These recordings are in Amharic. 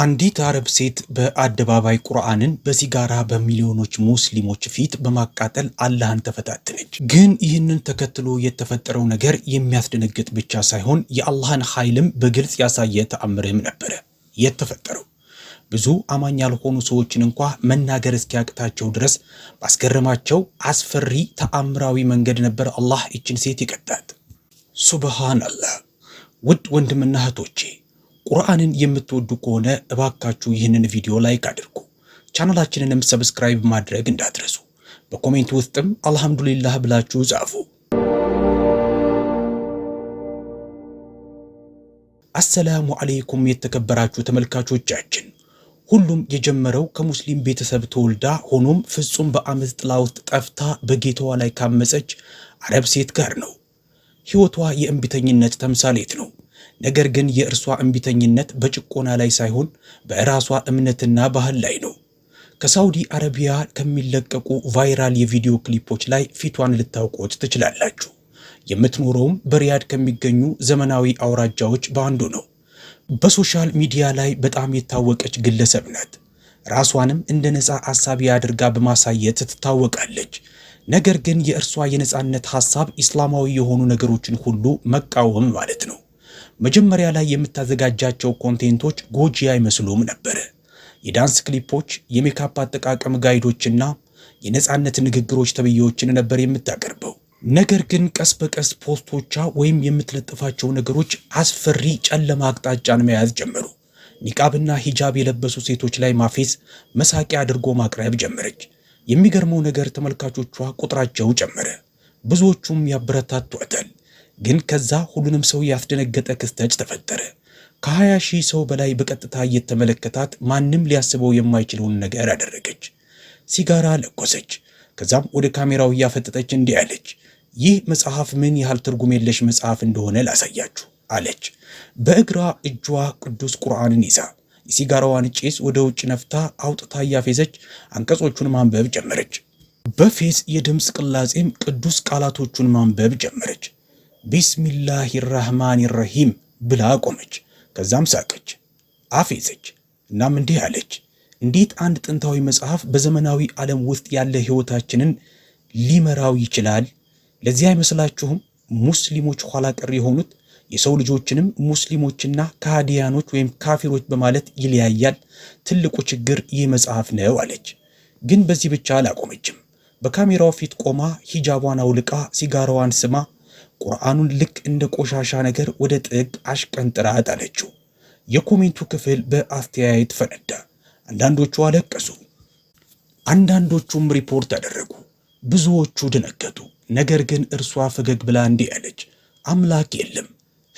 አንዲት አረብ ሴት በአደባባይ ቁርአንን በሲጋራ በሚሊዮኖች ሙስሊሞች ፊት በማቃጠል አላህን ተፈታተነች። ግን ይህንን ተከትሎ የተፈጠረው ነገር የሚያስደነግጥ ብቻ ሳይሆን የአላህን ኃይልም በግልጽ ያሳየ ተአምርህም ነበረ የተፈጠረው። ብዙ አማኝ ያልሆኑ ሰዎችን እንኳ መናገር እስኪያቅታቸው ድረስ ባስገረማቸው አስፈሪ ተአምራዊ መንገድ ነበር አላህ ይችን ሴት ይቀጣት። ሱብሃን ውድ ወንድምና እህቶቼ ቁርአንን የምትወዱ ከሆነ እባካችሁ ይህንን ቪዲዮ ላይክ አድርጉ። ቻናላችንንም ሰብስክራይብ ማድረግ እንዳትረሱ። በኮሜንት ውስጥም አልሐምዱሊላህ ብላችሁ ጻፉ። አሰላሙ አለይኩም የተከበራችሁ ተመልካቾቻችን፣ ሁሉም የጀመረው ከሙስሊም ቤተሰብ ተወልዳ ሆኖም ፍጹም በአመፅ ጥላ ውስጥ ጠፍታ በጌታዋ ላይ ካመፀች አረብ ሴት ጋር ነው። ሕይወቷ የእንቢተኝነት ተምሳሌት ነው። ነገር ግን የእርሷ እምቢተኝነት በጭቆና ላይ ሳይሆን በራሷ እምነትና ባህል ላይ ነው። ከሳውዲ አረቢያ ከሚለቀቁ ቫይራል የቪዲዮ ክሊፖች ላይ ፊቷን ልታውቁት ትችላላችሁ። የምትኖረውም በሪያድ ከሚገኙ ዘመናዊ አውራጃዎች በአንዱ ነው። በሶሻል ሚዲያ ላይ በጣም የታወቀች ግለሰብ ናት። ራሷንም እንደ ነፃ አሳቢ አድርጋ በማሳየት ትታወቃለች። ነገር ግን የእርሷ የነፃነት ሐሳብ ኢስላማዊ የሆኑ ነገሮችን ሁሉ መቃወም ማለት ነው። መጀመሪያ ላይ የምታዘጋጃቸው ኮንቴንቶች ጎጂ አይመስሉም ነበር። የዳንስ ክሊፖች፣ የሜካፕ አጠቃቀም ጋይዶችና የነፃነት ንግግሮች ተብዬዎችን ነበር የምታቀርበው። ነገር ግን ቀስ በቀስ ፖስቶቿ ወይም የምትለጥፋቸው ነገሮች አስፈሪ ጨለማ አቅጣጫን መያዝ ጀመሩ። ኒቃብና ሂጃብ የለበሱ ሴቶች ላይ ማፌዝ መሳቂያ አድርጎ ማቅረብ ጀመረች። የሚገርመው ነገር ተመልካቾቿ ቁጥራቸው ጨመረ፣ ብዙዎቹም ያበረታቷታል። ግን ከዛ ሁሉንም ሰው ያስደነገጠ ክስተት ተፈጠረ። ከ20 ሺህ ሰው በላይ በቀጥታ እየተመለከታት ማንም ሊያስበው የማይችለውን ነገር አደረገች። ሲጋራ ለኮሰች። ከዛም ወደ ካሜራው እያፈጠጠች እንዲህ አለች፣ ይህ መጽሐፍ ምን ያህል ትርጉም የለሽ መጽሐፍ እንደሆነ ላሳያችሁ አለች። በእግራ እጇ ቅዱስ ቁርአንን ይዛ የሲጋራዋን ጭስ ወደ ውጭ ነፍታ አውጥታ እያፌዘች አንቀጾቹን ማንበብ ጀመረች። በፌዝ የድምፅ ቅላጼም ቅዱስ ቃላቶቹን ማንበብ ጀመረች። ቢስሚላሂ ራህማን ራሂም ብላ ቆመች። ከዛም ሳቀች፣ አፌዘች። እናም እንዲህ አለች፣ እንዴት አንድ ጥንታዊ መጽሐፍ በዘመናዊ ዓለም ውስጥ ያለ ሕይወታችንን ሊመራው ይችላል? ለዚህ አይመስላችሁም? ሙስሊሞች ኋላ ቀር የሆኑት የሰው ልጆችንም ሙስሊሞችና ካዲያኖች ወይም ካፊሮች በማለት ይለያያል። ትልቁ ችግር ይህ መጽሐፍ ነው አለች። ግን በዚህ ብቻ አላቆመችም። በካሜራው ፊት ቆማ ሂጃቧን አውልቃ ሲጋራዋን ስማ ቁርአኑን ልክ እንደ ቆሻሻ ነገር ወደ ጥግ አሽቀንጥራ ጣለችው። የኮሜንቱ ክፍል በአስተያየት ፈነዳ። አንዳንዶቹ አለቀሱ፣ አንዳንዶቹም ሪፖርት አደረጉ፣ ብዙዎቹ ደነገጡ። ነገር ግን እርሷ ፈገግ ብላ እንዲህ ያለች አምላክ የለም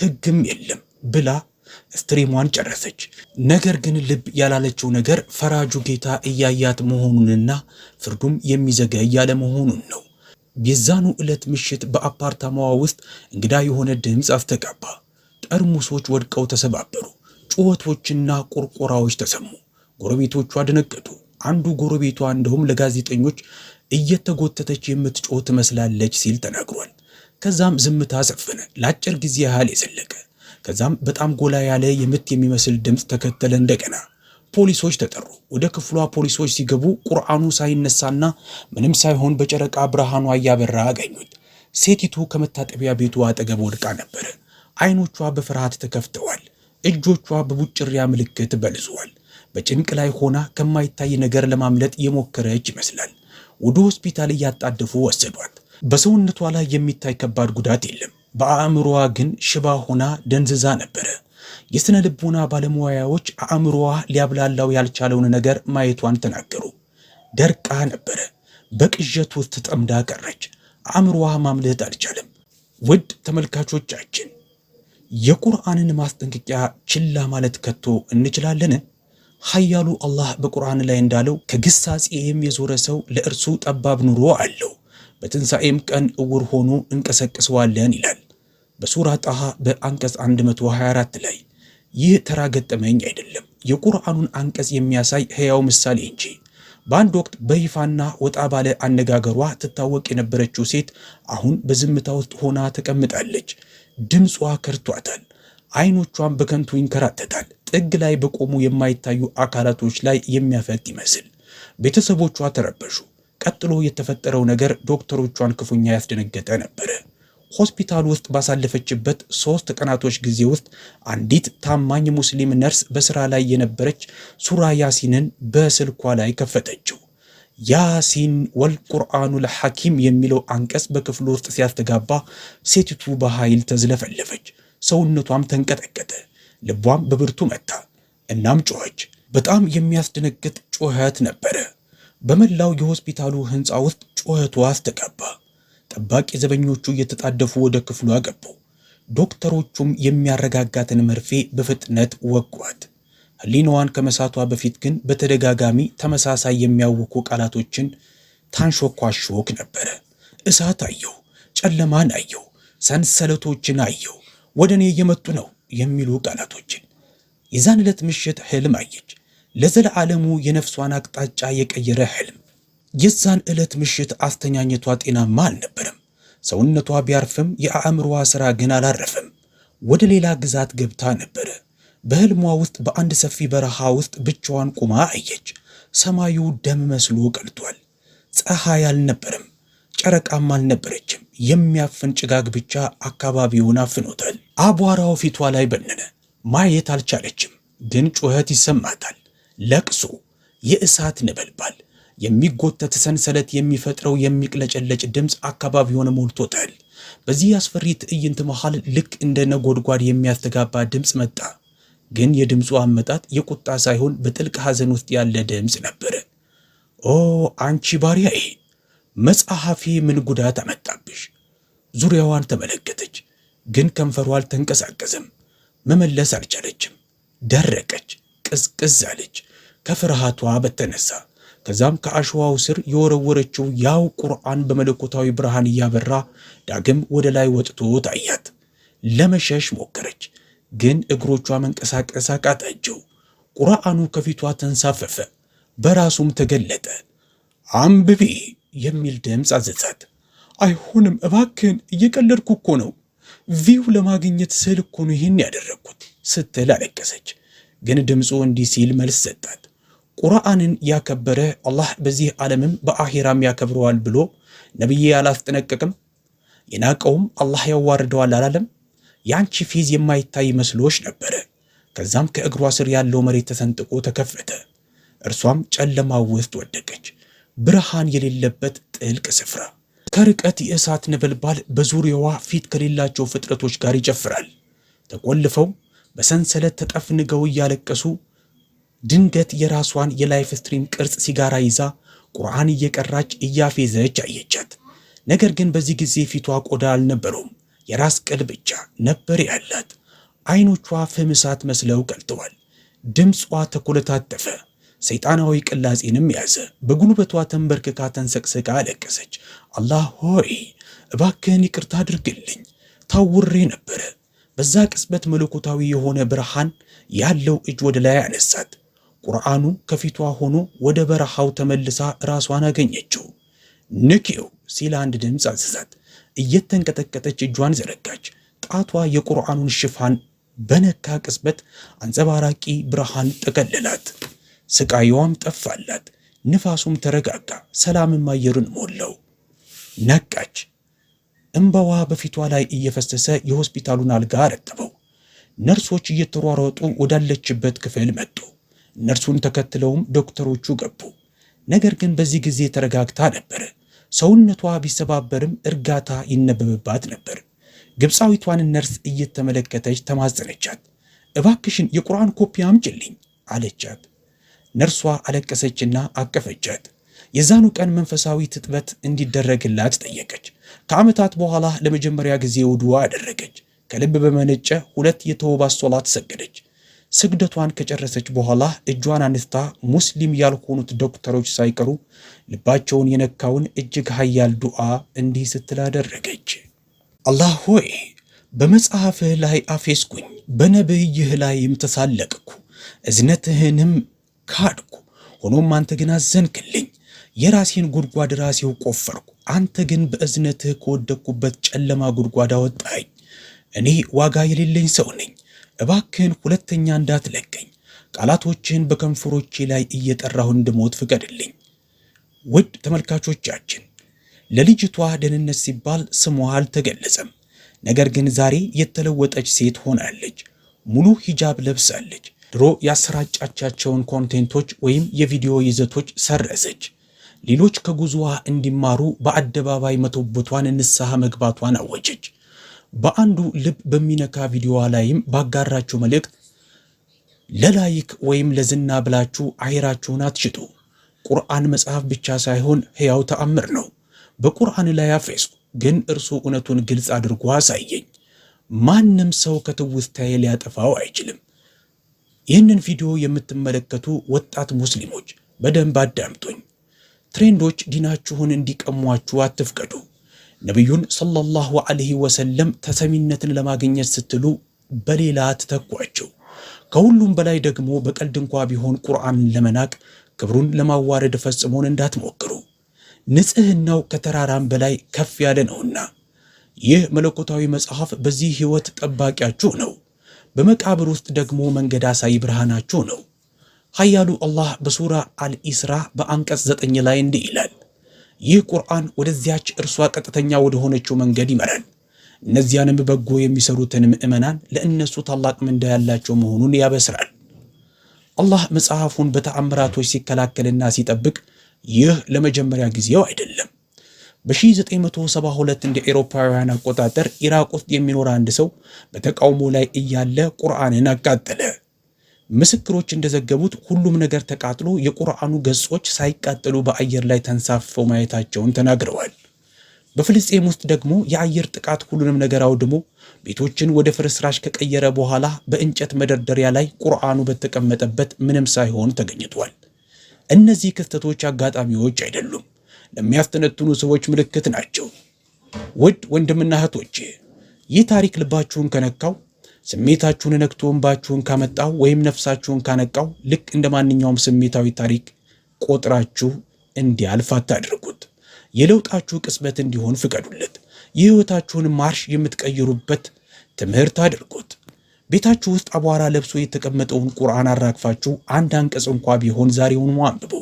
ሕግም የለም ብላ ስትሪሟን ጨረሰች። ነገር ግን ልብ ያላለችው ነገር ፈራጁ ጌታ እያያት መሆኑንና ፍርዱም የሚዘገይ ያለመሆኑን ነው። የዛኑ ዕለት ምሽት በአፓርታማዋ ውስጥ እንግዳ የሆነ ድምፅ አስተጋባ። ጠርሙሶች ወድቀው ተሰባበሩ። ጩኸቶችና ቆርቆራዎች ተሰሙ። ጎረቤቶቿ ደነገጡ። አንዱ ጎረቤቷ እንደውም ለጋዜጠኞች እየተጎተተች የምትጮህ ትመስላለች ሲል ተናግሯል። ከዛም ዝምታ ሰፈነ፣ ለአጭር ጊዜ ያህል የዘለቀ ከዛም በጣም ጎላ ያለ የምት የሚመስል ድምፅ ተከተለ እንደገና ፖሊሶች ተጠሩ። ወደ ክፍሏ ፖሊሶች ሲገቡ ቁርአኑ ሳይነሳና ምንም ሳይሆን በጨረቃ ብርሃኗ እያበራ አገኙት። ሴቲቱ ከመታጠቢያ ቤቱ አጠገብ ወድቃ ነበር። አይኖቿ በፍርሃት ተከፍተዋል። እጆቿ በቡጭሪያ ምልክት በልዟል። በጭንቅ ላይ ሆና ከማይታይ ነገር ለማምለጥ የሞከረች ይመስላል። ወደ ሆስፒታል እያጣደፉ ወሰዷት። በሰውነቷ ላይ የሚታይ ከባድ ጉዳት የለም። በአእምሮዋ ግን ሽባ ሆና ደንዝዛ ነበረ። የሥነ ልቦና ባለሙያዎች አእምሮዋ ሊያብላላው ያልቻለውን ነገር ማየቷን ተናገሩ። ደርቃ ነበረ። በቅዠት ውስጥ ጠምዳ ቀረች። አእምሮዋ ማምለጥ አልቻለም። ውድ ተመልካቾቻችን የቁርአንን ማስጠንቀቂያ ችላ ማለት ከቶ እንችላለን? ኃያሉ አላህ በቁርአን ላይ እንዳለው ከግሳጼም የዞረ ሰው ለእርሱ ጠባብ ኑሮ አለው፣ በትንሣኤም ቀን እውር ሆኖ እንቀሰቅሰዋለን ይላል። በሱራ ጣሃ በአንቀጽ 124 ላይ ይህ ተራ ገጠመኝ አይደለም፣ የቁርአኑን አንቀጽ የሚያሳይ ሕያው ምሳሌ እንጂ። በአንድ ወቅት በይፋና ወጣ ባለ አነጋገሯ ትታወቅ የነበረችው ሴት አሁን በዝምታ ውስጥ ሆና ተቀምጣለች። ድምጿ ከርቷታል፣ አይኖቿም በከንቱ ይንከራተታል። ጥግ ላይ በቆሙ የማይታዩ አካላቶች ላይ የሚያፈጥ ይመስል ቤተሰቦቿ ተረበሹ። ቀጥሎ የተፈጠረው ነገር ዶክተሮቿን ክፉኛ ያስደነገጠ ነበረ። ሆስፒታል ውስጥ ባሳለፈችበት ሶስት ቀናቶች ጊዜ ውስጥ አንዲት ታማኝ ሙስሊም ነርስ በስራ ላይ የነበረች ሱራ ያሲንን በስልኳ ላይ ከፈተችው። ያሲን ወልቁርአኑ ሐኪም የሚለው አንቀጽ በክፍሉ ውስጥ ሲያስተጋባ ሴቲቱ በኃይል ተዝለፈለፈች። ሰውነቷም ተንቀጠቀጠ፣ ልቧም በብርቱ መታ። እናም ጮኸች። በጣም የሚያስደነግጥ ጩኸት ነበረ። በመላው የሆስፒታሉ ሕንፃ ውስጥ ጩኸቷ አስተጋባ። ጠባቂ ዘበኞቹ እየተጣደፉ ወደ ክፍሉ አገቡ። ዶክተሮቹም የሚያረጋጋትን መርፌ በፍጥነት ወጓት። ህሊናዋን ከመሳቷ በፊት ግን በተደጋጋሚ ተመሳሳይ የሚያውኩ ቃላቶችን ታንሾኳሾክ ነበረ። እሳት አየሁ፣ ጨለማን አየሁ፣ ሰንሰለቶችን አየሁ፣ ወደ እኔ እየመጡ ነው የሚሉ ቃላቶችን። የዛን ዕለት ምሽት ሕልም አየች። ለዘለዓለሙ የነፍሷን አቅጣጫ የቀየረ ሕልም የዛን ዕለት ምሽት አስተኛኘቷ ጤናማ አልነበረም። ሰውነቷ ቢያርፍም የአእምሮዋ ሥራ ግን አላረፈም። ወደ ሌላ ግዛት ገብታ ነበረ። በሕልሟ ውስጥ በአንድ ሰፊ በረሃ ውስጥ ብቻዋን ቁማ አየች። ሰማዩ ደም መስሎ ቀልቷል። ፀሐይ አልነበረም፣ ጨረቃም አልነበረችም። የሚያፍን ጭጋግ ብቻ አካባቢውን አፍኖታል። አቧራው ፊቷ ላይ በነነ። ማየት አልቻለችም፣ ግን ጩኸት ይሰማታል። ለቅሶ፣ የእሳት ነበልባል የሚጎተት ሰንሰለት የሚፈጥረው የሚቅለጨለጭ ድምፅ አካባቢውን ሞልቶታል። በዚህ አስፈሪ ትዕይንት መሃል ልክ እንደ ነጎድጓድ የሚያስተጋባ ድምፅ መጣ። ግን የድምፁ አመጣጥ የቁጣ ሳይሆን በጥልቅ ሐዘን ውስጥ ያለ ድምፅ ነበረ። ኦ አንቺ ባሪያዬ፣ መጽሐፌ ምን ጉዳት አመጣብሽ? ዙሪያዋን ተመለከተች፣ ግን ከንፈሯ አልተንቀሳቀሰም። መመለስ አልቻለችም። ደረቀች፣ ቅዝቅዝ አለች ከፍርሃቷ በተነሳ ከዛም ከአሸዋው ስር የወረወረችው ያው ቁርአን በመለኮታዊ ብርሃን እያበራ ዳግም ወደ ላይ ወጥቶ ታያት። ለመሸሽ ሞከረች፣ ግን እግሮቿ መንቀሳቀስ አቃታቸው። ቁርአኑ ከፊቷ ተንሳፈፈ፣ በራሱም ተገለጠ። አንብቢ የሚል ድምፅ አዘዛት። አይሆንም እባክን እየቀለድኩ እኮ ነው። ቪው ለማግኘት ስል እኮ ነው ይህን ያደረግኩት ስትል አለቀሰች። ግን ድምፁ እንዲህ ሲል መልስ ሰጣት። ቁርአንን ያከበረ አላህ በዚህ ዓለምም በአሂራም ያከብረዋል ብሎ ነብዬ አላስጠነቀቅም? የናቀውም አላህ ያዋርደዋል አላለም? የአንቺ ፌዝ የማይታይ መስሎች ነበረ። ከዛም ከእግሯ ስር ያለው መሬት ተሰንጥቆ ተከፈተ። እርሷም ጨለማ ውስጥ ወደቀች፣ ብርሃን የሌለበት ጥልቅ ስፍራ። ከርቀት የእሳት ነበልባል በዙሪያዋ ፊት ከሌላቸው ፍጥረቶች ጋር ይጨፍራል። ተቆልፈው በሰንሰለት ተጠፍንገው እያለቀሱ ድንገት የራሷን የላይፍ ስትሪም ቅርጽ ሲጋራ ይዛ ቁርአን እየቀራች እያፌዘች አየቻት። ነገር ግን በዚህ ጊዜ ፊቷ ቆዳ አልነበረውም፣ የራስ ቅል ብቻ ነበር ያላት። አይኖቿ ፍም እሳት መስለው ቀልጠዋል። ድምጿ ተኮለታተፈ፣ ሰይጣናዊ ቅላጼንም ያዘ። በጉልበቷ ተንበርክካ ተንሰቅስቃ አለቀሰች። አላህ ሆይ እባክህን ይቅርታ አድርግልኝ፣ ታውሬ ነበረ። በዛ ቅጽበት መለኮታዊ የሆነ ብርሃን ያለው እጅ ወደ ላይ አነሳት። ቁርአኑ ከፊቷ ሆኖ ወደ በረሃው ተመልሳ ራሷን አገኘችው። ንኪው ሲል አንድ ድምፅ አዘዛት። እየተንቀጠቀጠች እጇን ዘረጋች። ጣቷ የቁርአኑን ሽፋን በነካ ቅጽበት አንጸባራቂ ብርሃን ጠቀለላት። ስቃይዋም ጠፋላት። ንፋሱም ተረጋጋ፣ ሰላምም አየሩን ሞላው። ነቃች። እምባዋ በፊቷ ላይ እየፈሰሰ የሆስፒታሉን አልጋ አረጥበው። ነርሶች እየተሯሯጡ ወዳለችበት ክፍል መጡ። እነርሱን ተከትለውም ዶክተሮቹ ገቡ። ነገር ግን በዚህ ጊዜ ተረጋግታ ነበር። ሰውነቷ ቢሰባበርም እርጋታ ይነበብባት ነበር። ግብፃዊቷን ነርስ እየተመለከተች ተማጸነቻት። እባክሽን የቁርአን ኮፒ አምጪልኝ አለቻት። ነርሷ አለቀሰችና አቀፈቻት። የዛኑ ቀን መንፈሳዊ ትጥበት እንዲደረግላት ጠየቀች። ከዓመታት በኋላ ለመጀመሪያ ጊዜ ውድዋ አደረገች። ከልብ በመነጨ ሁለት የተወባ ሶላት ሰገደች። ስግደቷን ከጨረሰች በኋላ እጇን አንስታ ሙስሊም ያልሆኑት ዶክተሮች ሳይቀሩ ልባቸውን የነካውን እጅግ ሀያል ዱዓ እንዲህ ስትል አደረገች። አላህ ሆይ በመጽሐፍህ ላይ አፌስኩኝ፣ በነብይህ ላይም ተሳለቅኩ፣ እዝነትህንም ካድኩ። ሆኖም አንተ ግን አዘንክልኝ። የራሴን ጉድጓድ ራሴው ቆፈርኩ፣ አንተ ግን በእዝነትህ ከወደቅኩበት ጨለማ ጉድጓድ አወጣኝ። እኔ ዋጋ የሌለኝ ሰው ነኝ። እባክህን ሁለተኛ እንዳትለቀኝ፣ ቃላቶችህን በከንፈሮቼ ላይ እየጠራሁ እንድሞት ፍቀድልኝ። ውድ ተመልካቾቻችን ለልጅቷ ደህንነት ሲባል ስሟ አልተገለጸም። ነገር ግን ዛሬ የተለወጠች ሴት ሆናለች። ሙሉ ሂጃብ ለብሳለች። ድሮ ያሰራጫቻቸውን ኮንቴንቶች ወይም የቪዲዮ ይዘቶች ሰረዘች። ሌሎች ከጉዞዋ እንዲማሩ በአደባባይ መተውበቷን፣ ንስሐ መግባቷን አወጀች። በአንዱ ልብ በሚነካ ቪዲዮዋ ላይም ባጋራችሁ መልእክት ለላይክ ወይም ለዝና ብላችሁ አይራችሁን አትሽጡ። ቁርአን መጽሐፍ ብቻ ሳይሆን ሕያው ተአምር ነው። በቁርአን ላይ አፌስኩ፣ ግን እርሱ እውነቱን ግልጽ አድርጎ አሳየኝ። ማንም ሰው ከትውስታዬ ሊያጠፋው አይችልም። ይህንን ቪዲዮ የምትመለከቱ ወጣት ሙስሊሞች በደንብ አዳምጡኝ። ትሬንዶች ዲናችሁን እንዲቀሟችሁ አትፍቀዱ። ነቢዩን ሰለላሁ ዐለይሂ ወሰለም ተሰሚነትን ለማግኘት ስትሉ በሌላ ትተኳቸው። ከሁሉም በላይ ደግሞ በቀልድ እንኳ ቢሆን ቁርአንን ለመናቅ ክብሩን ለማዋረድ ፈጽሞን እንዳትሞክሩ። ንጽህናው ከተራራም በላይ ከፍ ያለ ነውና ይህ መለኮታዊ መጽሐፍ በዚህ ሕይወት ጠባቂያችሁ ነው። በመቃብር ውስጥ ደግሞ መንገድ አሳይ ብርሃናችሁ ነው። ኃያሉ አላህ በሱራ አልኢስራ በአንቀጽ ዘጠኝ ላይ እንዲህ ይላል ይህ ቁርአን ወደዚያች እርሷ ቀጥተኛ ወደሆነችው መንገድ ይመራል። እነዚያንም በጎ የሚሰሩትን ምዕመናን ለእነሱ ታላቅ ምንዳ ያላቸው መሆኑን ያበስራል። አላህ መጽሐፉን በተአምራቶች ሲከላከልና ሲጠብቅ ይህ ለመጀመሪያ ጊዜው አይደለም። በ1972 እንደ ኤሮፓውያን አቆጣጠር ኢራቅ ውስጥ የሚኖር አንድ ሰው በተቃውሞ ላይ እያለ ቁርአንን አቃጠለ። ምስክሮች እንደዘገቡት ሁሉም ነገር ተቃጥሎ የቁርአኑ ገጾች ሳይቃጠሉ በአየር ላይ ተንሳፈው ማየታቸውን ተናግረዋል። በፍልስጤም ውስጥ ደግሞ የአየር ጥቃት ሁሉንም ነገር አውድሞ ቤቶችን ወደ ፍርስራሽ ከቀየረ በኋላ በእንጨት መደርደሪያ ላይ ቁርአኑ በተቀመጠበት ምንም ሳይሆን ተገኝቷል። እነዚህ ክስተቶች አጋጣሚዎች አይደሉም፣ ለሚያስተነትኑ ሰዎች ምልክት ናቸው። ውድ ወንድምና እህቶቼ ይህ ታሪክ ልባችሁን ከነካው ስሜታችሁን ነክቶ እንባችሁን ካመጣው ወይም ነፍሳችሁን ካነቃው ልክ እንደ ማንኛውም ስሜታዊ ታሪክ ቆጥራችሁ እንዲያልፍ አታድርጉት። የለውጣችሁ ቅጽበት እንዲሆን ፍቀዱለት። የሕይወታችሁን ማርሽ የምትቀይሩበት ትምህርት አድርጉት። ቤታችሁ ውስጥ አቧራ ለብሶ የተቀመጠውን ቁርአን አራግፋችሁ አንድ አንቀጽ እንኳ ቢሆን ዛሬውን አንብቡ።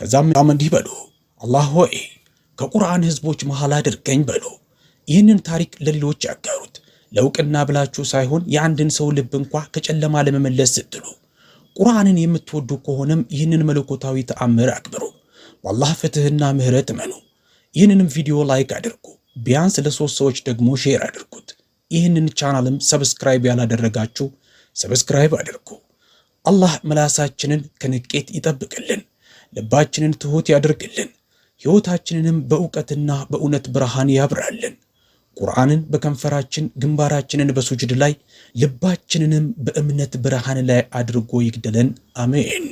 ከዛም ም እንዲህ በሉ፣ አላህ ሆይ ከቁርአን ህዝቦች መሃል አድርገኝ በሉ። ይህንን ታሪክ ለሌሎች ያጋሩት። ለእውቅና ብላችሁ ሳይሆን የአንድን ሰው ልብ እንኳ ከጨለማ ለመመለስ ስትሉ ቁርአንን የምትወዱ ከሆነም ይህንን መለኮታዊ ተአምር አክብሩ። በአላህ ፍትህና ምህረት መኑ። ይህንንም ቪዲዮ ላይክ አድርጉ። ቢያንስ ለሶስት ሰዎች ደግሞ ሼር አድርጉት። ይህንን ቻናልም ሰብስክራይብ ያላደረጋችሁ ሰብስክራይብ አድርጉ። አላህ ምላሳችንን ከንቄት ይጠብቅልን፣ ልባችንን ትሑት ያድርግልን፣ ሕይወታችንንም በእውቀትና በእውነት ብርሃን ያብራልን። ቁርአንን በከንፈራችን ግንባራችንን በሱጅድ ላይ ልባችንንም በእምነት ብርሃን ላይ አድርጎ ይግደለን። አሜን።